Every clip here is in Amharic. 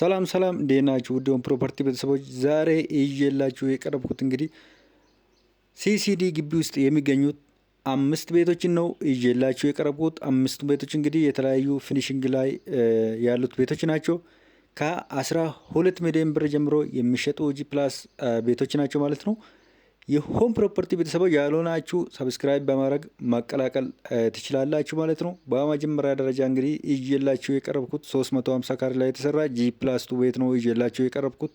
ሰላም ሰላም፣ እንዴት ናችሁ? ፕሮፐርቲ ቤተሰቦች ዛሬ እየላችሁ የቀረብኩት እንግዲህ ሲሲዲ ግቢ ውስጥ የሚገኙት አምስት ቤቶችን ነው እየላችሁ የቀረብኩት። አምስቱ ቤቶች እንግዲህ የተለያዩ ፊኒሽንግ ላይ ያሉት ቤቶች ናቸው። ከአስራ ሁለት ሚሊዮን ብር ጀምሮ የሚሸጡ ጂ ፕላስ ቤቶች ናቸው ማለት ነው። የሆም ፕሮፐርቲ ቤተሰቦች ያልሆናችሁ ሰብስክራይብ በማድረግ ማቀላቀል ትችላላችሁ ማለት ነው። በመጀመሪያ ደረጃ እንግዲህ ይዤላችሁ የቀረብኩት 350 ካሬ ላይ የተሰራ ጂ ፕላስ ቱ ቤት ነው ይዤላችሁ የቀረብኩት።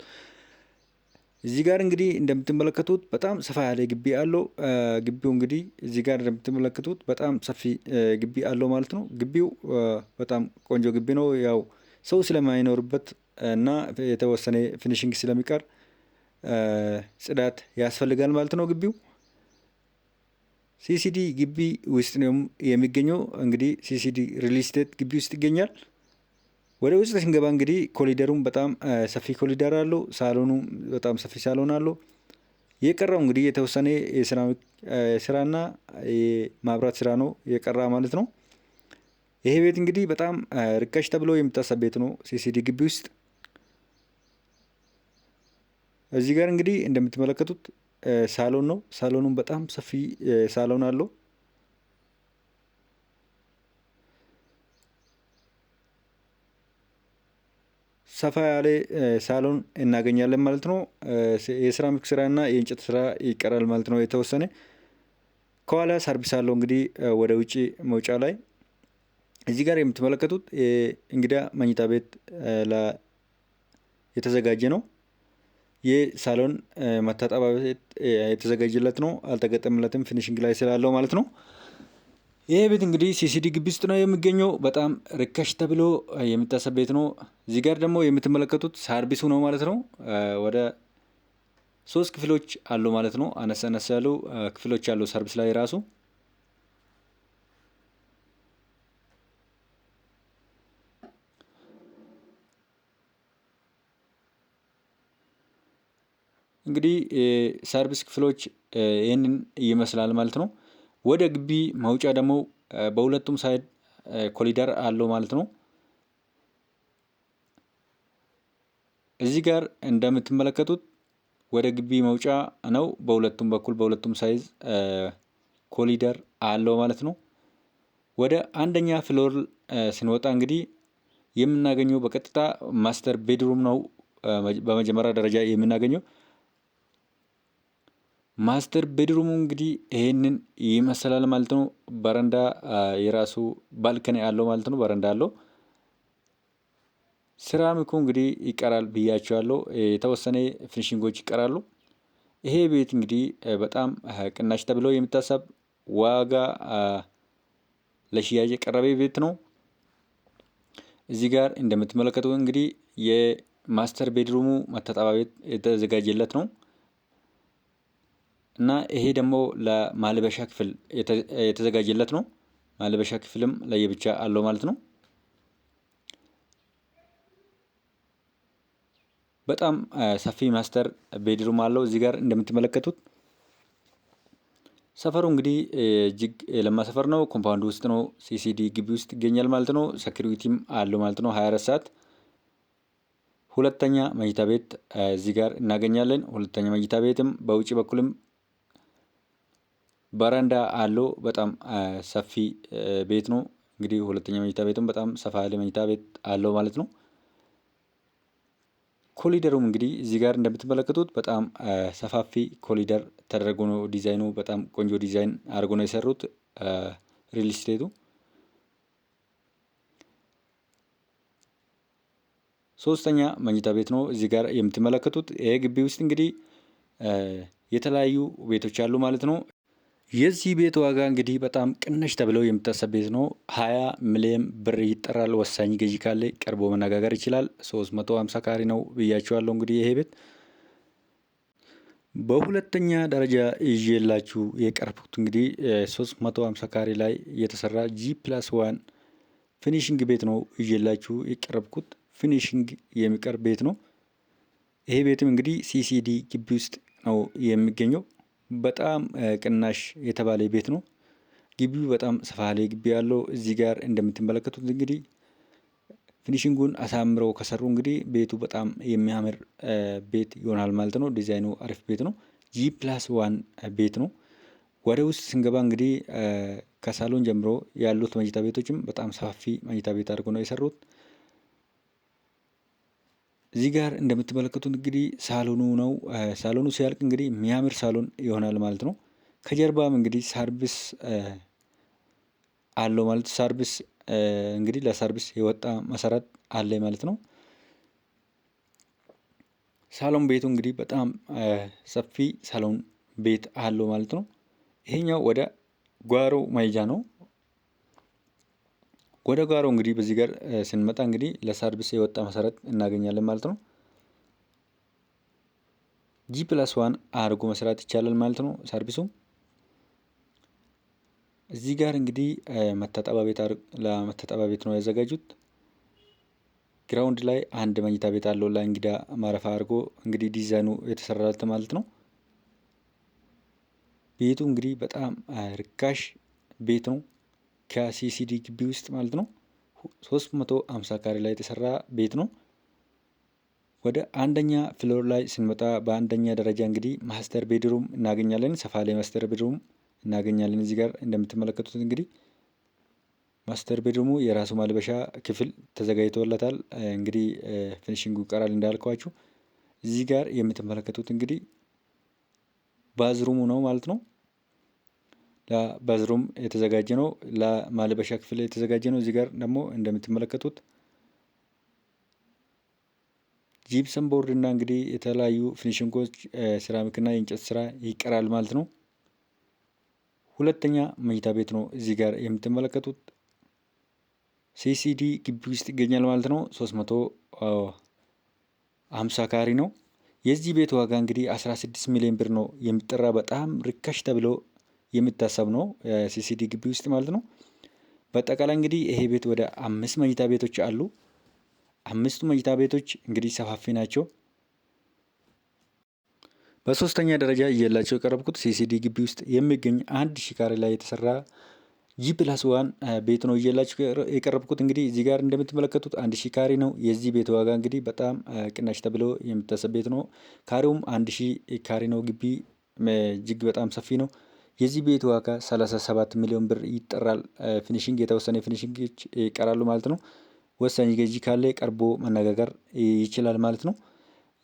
እዚህ ጋር እንግዲህ እንደምትመለከቱት በጣም ሰፋ ያለ ግቢ አለው። ግቢው እንግዲህ እዚህ ጋር እንደምትመለከቱት በጣም ሰፊ ግቢ አለው ማለት ነው። ግቢው በጣም ቆንጆ ግቢ ነው። ያው ሰው ስለማይኖርበት እና የተወሰነ ፊኒሽንግ ስለሚቀር ጽዳት ያስፈልጋል ማለት ነው ግቢው ሲሲዲ ግቢ ውስጥ ነው የሚገኘው። እንግዲህ ሲሲዲ ሪል ስቴት ግቢ ውስጥ ይገኛል። ወደ ውስጥ ስንገባ እንግዲህ ኮሊደሩም በጣም ሰፊ ኮሊደር አለው። ሳሎኑ በጣም ሰፊ ሳሎን አለው። የቀረው እንግዲህ የተወሰነ ስራና የማብራት ስራ ነው የቀራ ማለት ነው። ይሄ ቤት እንግዲህ በጣም ርካሽ ተብሎ የሚታሰብ ቤት ነው ሲሲዲ ግቢ ውስጥ እዚህ ጋር እንግዲህ እንደምትመለከቱት ሳሎን ነው። ሳሎኑም በጣም ሰፊ ሳሎን አለው። ሰፋ ያለ ሳሎን እናገኛለን ማለት ነው። የሴራሚክ ስራ እና የእንጨት ስራ ይቀራል ማለት ነው የተወሰነ። ከኋላ ሰርቪስ አለው እንግዲህ ወደ ውጭ መውጫ ላይ እዚህ ጋር የምትመለከቱት እንግዳ መኝታ ቤት የተዘጋጀ ነው። ይህ ሳሎን መታጠቢያ ቤት የተዘጋጀለት ነው። አልተገጠምለትም ፊኒሽንግ ላይ ስላለው ማለት ነው። ይህ ቤት እንግዲህ ሲሲዲ ግቢ ውስጥ ነው የሚገኘው። በጣም ርካሽ ተብሎ የሚታሰብ ቤት ነው። እዚህ ጋር ደግሞ የምትመለከቱት ሳርቢሱ ነው ማለት ነው። ወደ ሶስት ክፍሎች አሉ ማለት ነው። አነስ አነስ ያሉ ክፍሎች አሉ ሰርቢስ ላይ ራሱ እንግዲህ ሰርቪስ ክፍሎች ይህንን ይመስላል ማለት ነው። ወደ ግቢ መውጫ ደግሞ በሁለቱም ሳይድ ኮሊደር አለው ማለት ነው። እዚህ ጋር እንደምትመለከቱት ወደ ግቢ መውጫ ነው። በሁለቱም በኩል በሁለቱም ሳይዝ ኮሊደር አለው ማለት ነው። ወደ አንደኛ ፍሎር ስንወጣ እንግዲህ የምናገኘው በቀጥታ ማስተር ቤድሩም ነው። በመጀመሪያ ደረጃ የምናገኘው ማስተር ቤድሩሙ እንግዲህ ይሄንን ይመስላል ማለት ነው። በረንዳ የራሱ ባልክን አለው ማለት ነው። በረንዳ አለው። ሴራሚኩ እንግዲህ ይቀራል ብያቸዋለሁ። የተወሰነ ፊኒሽንጎች ይቀራሉ። ይሄ ቤት እንግዲህ በጣም ቅናሽ ተብሎ የሚታሰብ ዋጋ ለሽያጭ የቀረበ ቤት ነው። እዚህ ጋር እንደምትመለከቱ እንግዲህ የማስተር ቤድሩሙ መታጠቢያ ቤት የተዘጋጀለት ነው። እና ይሄ ደግሞ ለማልበሻ ክፍል የተዘጋጀለት ነው። ማልበሻ ክፍልም ለየብቻ አለው ማለት ነው። በጣም ሰፊ ማስተር ቤድሩም አለው እዚህ ጋር እንደምትመለከቱት። ሰፈሩ እንግዲህ እጅግ የለማ ሰፈር ነው። ኮምፓውንድ ውስጥ ነው። ሲሲዲ ግቢ ውስጥ ይገኛል ማለት ነው። ሰኪሪቲም አለው ማለት ነው 24 ሰዓት። ሁለተኛ መኝታ ቤት እዚህ ጋር እናገኛለን። ሁለተኛ መኝታ ቤትም በውጭ በኩልም በረንዳ አለው በጣም ሰፊ ቤት ነው። እንግዲህ ሁለተኛ መኝታ ቤትም በጣም ሰፋ ያለ መኝታ ቤት አለው ማለት ነው። ኮሊደሩም እንግዲህ እዚህ ጋር እንደምትመለከቱት በጣም ሰፋፊ ኮሊደር ተደርጎ ነው ዲዛይኑ በጣም ቆንጆ ዲዛይን አድርጎ ነው የሰሩት ሪል ስቴቱ። ሶስተኛ መኝታ ቤት ነው እዚህ ጋር የምትመለከቱት። ይሄ ግቢ ውስጥ እንግዲህ የተለያዩ ቤቶች አሉ ማለት ነው። የዚህ ቤት ዋጋ እንግዲህ በጣም ቅንሽ ተብለው የሚታሰብ ቤት ነው። ሀያ ሚሊየም ብር ይጠራል። ወሳኝ ገዢ ካለ ቀርቦ መነጋገር ይችላል። ሶስት መቶ ሀምሳ ካሪ ነው ብያችኋለሁ። እንግዲህ ይሄ ቤት በሁለተኛ ደረጃ ይዤላችሁ የቀርቡት እንግዲህ ሶስት መቶ ሀምሳ ካሪ ላይ የተሰራ ጂ ፕላስ ዋን ፊኒሽንግ ቤት ነው ይዤላችሁ የቀረብኩት። ፊኒሽንግ የሚቀርብ ቤት ነው። ይሄ ቤትም እንግዲህ ሲሲዲ ግቢ ውስጥ ነው የሚገኘው። በጣም ቅናሽ የተባለ ቤት ነው። ግቢው በጣም ሰፋ ያለ ግቢ ያለው እዚህ ጋር እንደምትመለከቱት እንግዲህ ፊኒሽንጉን አሳምረው ከሰሩ እንግዲህ ቤቱ በጣም የሚያምር ቤት ይሆናል ማለት ነው። ዲዛይኑ አሪፍ ቤት ነው። ጂ ፕላስ ዋን ቤት ነው። ወደ ውስጥ ስንገባ እንግዲህ ከሳሎን ጀምሮ ያሉት መኝታ ቤቶችም በጣም ሰፋፊ መኝታ ቤት አድርጎ ነው የሰሩት። እዚህ ጋር እንደምትመለከቱት እንግዲህ ሳሎኑ ነው። ሳሎኑ ሲያልቅ እንግዲህ የሚያምር ሳሎን ይሆናል ማለት ነው። ከጀርባም እንግዲህ ሳርቪስ አለው ማለት ሳርቪስ እንግዲህ ለሰርቪስ የወጣ መሰረት አለ ማለት ነው። ሳሎን ቤቱ እንግዲህ በጣም ሰፊ ሳሎን ቤት አለው ማለት ነው። ይሄኛው ወደ ጓሮ መሄጃ ነው። ወደ ጓሮ እንግዲህ በዚህ ጋር ስንመጣ እንግዲህ ለሰርቪስ የወጣ መሰረት እናገኛለን ማለት ነው። ጂ ፕላስ ዋን አድርጎ መስራት ይቻላል ማለት ነው። ሰርቪሱ እዚህ ጋር እንግዲህ መታጠባ ቤት ለመታጠባ ቤት ነው ያዘጋጁት። ግራውንድ ላይ አንድ መኝታ ቤት አለው ለእንግዳ ማረፋ አድርጎ እንግዲህ ዲዛይኑ የተሰራለት ማለት ነው። ቤቱ እንግዲህ በጣም ርካሽ ቤት ነው። ከሲሲዲ ግቢ ውስጥ ማለት ነው 350 ካሬ ላይ የተሰራ ቤት ነው። ወደ አንደኛ ፍሎር ላይ ስንመጣ በአንደኛ ደረጃ እንግዲህ ማስተር ቤድሩም እናገኛለን። ሰፋ ላይ ማስተር ቤድሩም እናገኛለን። እዚህ ጋር እንደምትመለከቱት እንግዲህ ማስተር ቤድሩሙ የራሱ ማልበሻ ክፍል ተዘጋጅቶለታል። እንግዲህ ፊኒሽንጉ ይቀራል እንዳልከዋችሁ። እዚህ ጋር የምትመለከቱት እንግዲህ ባዝሩሙ ነው ማለት ነው። ለባዝሩም የተዘጋጀ ነው። ለማልበሻ ክፍል የተዘጋጀ ነው። እዚህ ጋር ደግሞ እንደምትመለከቱት ጂፕሰን ቦርድ እና እንግዲህ የተለያዩ ፊኒሽንጎች እና የእንጨት ስራ ይቀራል ማለት ነው። ሁለተኛ መኝታ ቤት ነው እዚህ ጋር የምትመለከቱት ሲሲዲ ግቢ ውስጥ ይገኛል ማለት ነው። 350 ካሪ ነው። የዚህ ቤት ዋጋ እንግዲህ 16 ሚሊዮን ብር ነው የሚጠራ በጣም ርካሽ ተብሎ የሚታሰብ ነው ሲሲዲ ግቢ ውስጥ ማለት ነው። በአጠቃላይ እንግዲህ ይሄ ቤት ወደ አምስት መኝታ ቤቶች አሉ። አምስቱ መኝታ ቤቶች እንግዲህ ሰፋፊ ናቸው። በሶስተኛ ደረጃ እየላቸው የቀረብኩት ሲሲዲ ግቢ ውስጥ የሚገኝ አንድ ሺ ካሬ ላይ የተሰራ ይህ ፕላስ ዋን ቤት ነው እየላችሁ የቀረብኩት። እንግዲህ እዚህ ጋር እንደምትመለከቱት አንድ ሺ ካሬ ነው። የዚህ ቤት ዋጋ እንግዲህ በጣም ቅናሽ ተብሎ የሚታሰብ ቤት ነው። ካሬውም አንድ ሺ ካሬ ነው። ግቢ እጅግ በጣም ሰፊ ነው። የዚህ ቤት ዋጋ 37 ሚሊዮን ብር ይጠራል። ፊኒሽንግ የተወሰነ ፊኒሽንጎች ይቀራሉ ማለት ነው። ወሳኝ ገዢ ካለ ቀርቦ መነጋገር ይችላል ማለት ነው።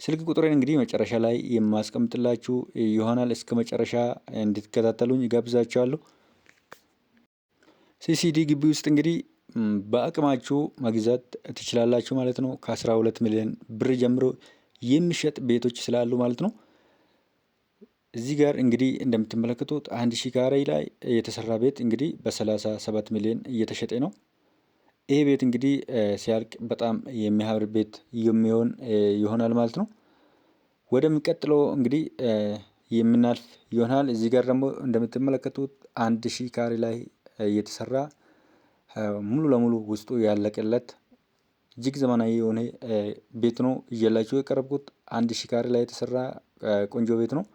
ስልክ ቁጥሬን እንግዲህ መጨረሻ ላይ የማስቀምጥላችሁ ይሆናል። እስከ መጨረሻ እንድትከታተሉኝ ይጋብዛችኋለሁ። ሲሲዲ ግቢ ውስጥ እንግዲህ በአቅማችሁ መግዛት ትችላላችሁ ማለት ነው። ከ12 ሚሊዮን ብር ጀምሮ የሚሸጥ ቤቶች ስላሉ ማለት ነው። እዚህ ጋር እንግዲህ እንደምትመለከቱት አንድ ሺህ ካሬ ላይ የተሰራ ቤት እንግዲህ በ37 ሚሊዮን እየተሸጠ ነው። ይህ ቤት እንግዲህ ሲያልቅ በጣም የሚያምር ቤት የሚሆን ይሆናል ማለት ነው። ወደሚቀጥለው እንግዲህ የምናልፍ ይሆናል። እዚህ ጋር ደግሞ እንደምትመለከቱት አንድ ሺህ ካሬ ላይ የተሰራ ሙሉ ለሙሉ ውስጡ ያለቀለት እጅግ ዘመናዊ የሆነ ቤት ነው እየላችሁ የቀረብኩት። አንድ ሺህ ካሬ ላይ የተሰራ ቆንጆ ቤት ነው።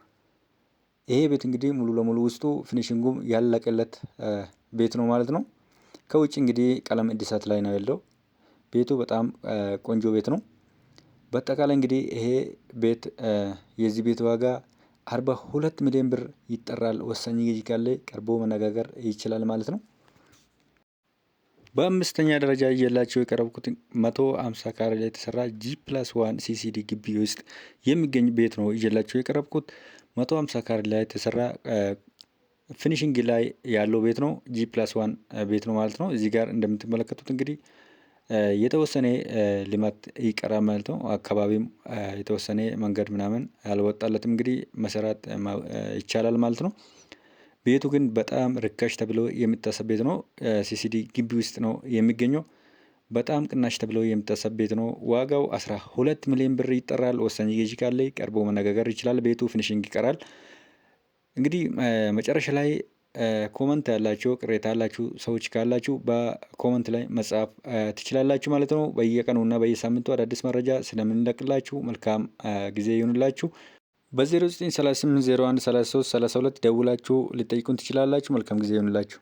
ይሄ ቤት እንግዲህ ሙሉ ለሙሉ ውስጡ ፊኒሽንጉም ያለቀለት ቤት ነው ማለት ነው። ከውጭ እንግዲህ ቀለም እድሳት ላይ ነው ያለው። ቤቱ በጣም ቆንጆ ቤት ነው። በአጠቃላይ እንግዲህ ይሄ ቤት የዚህ ቤት ዋጋ አርባ ሁለት ሚሊዮን ብር ይጠራል። ወሳኝ ገዢ ካለ ቀርቦ መነጋገር ይችላል ማለት ነው። በአምስተኛ ደረጃ እየላቸው የቀረብኩት መቶ አምሳ ካሬ ላይ የተሰራ ጂ ፕላስ ዋን ሲሲዲ ግቢ ውስጥ የሚገኝ ቤት ነው እየላቸው የቀረብኩት። መቶ ሀምሳ ካሬ ላይ የተሰራ ፊኒሽንግ ላይ ያለው ቤት ነው። ጂ ፕላስ ዋን ቤት ነው ማለት ነው። እዚህ ጋር እንደምትመለከቱት እንግዲህ የተወሰነ ልማት ይቀራ ማለት ነው። አካባቢም የተወሰነ መንገድ ምናምን አልወጣለትም። እንግዲህ መሰራት ይቻላል ማለት ነው። ቤቱ ግን በጣም ርካሽ ተብሎ የሚታሰብ ቤት ነው። ሲሲዲ ግቢ ውስጥ ነው የሚገኘው። በጣም ቅናሽ ተብለው የሚታሰብ ቤት ነው። ዋጋው 12 ሚሊዮን ብር ይጠራል። ወሳኝ ገዢ ካለ ቀርቦ መነጋገር ይችላል። ቤቱ ፊኒሽንግ ይቀራል። እንግዲህ መጨረሻ ላይ ኮመንት ያላችሁ ቅሬታ ያላችሁ ሰዎች ካላችሁ በኮመንት ላይ መጻፍ ትችላላችሁ ማለት ነው። እና በየሳምንቱ አዳዲስ መረጃ ስለምንለቅላችሁ መልካም ጊዜ ይሁንላችሁ። በ0938 01 ደውላችሁ ልጠይቁን ትችላላችሁ። መልካም ጊዜ ይሁንላችሁ።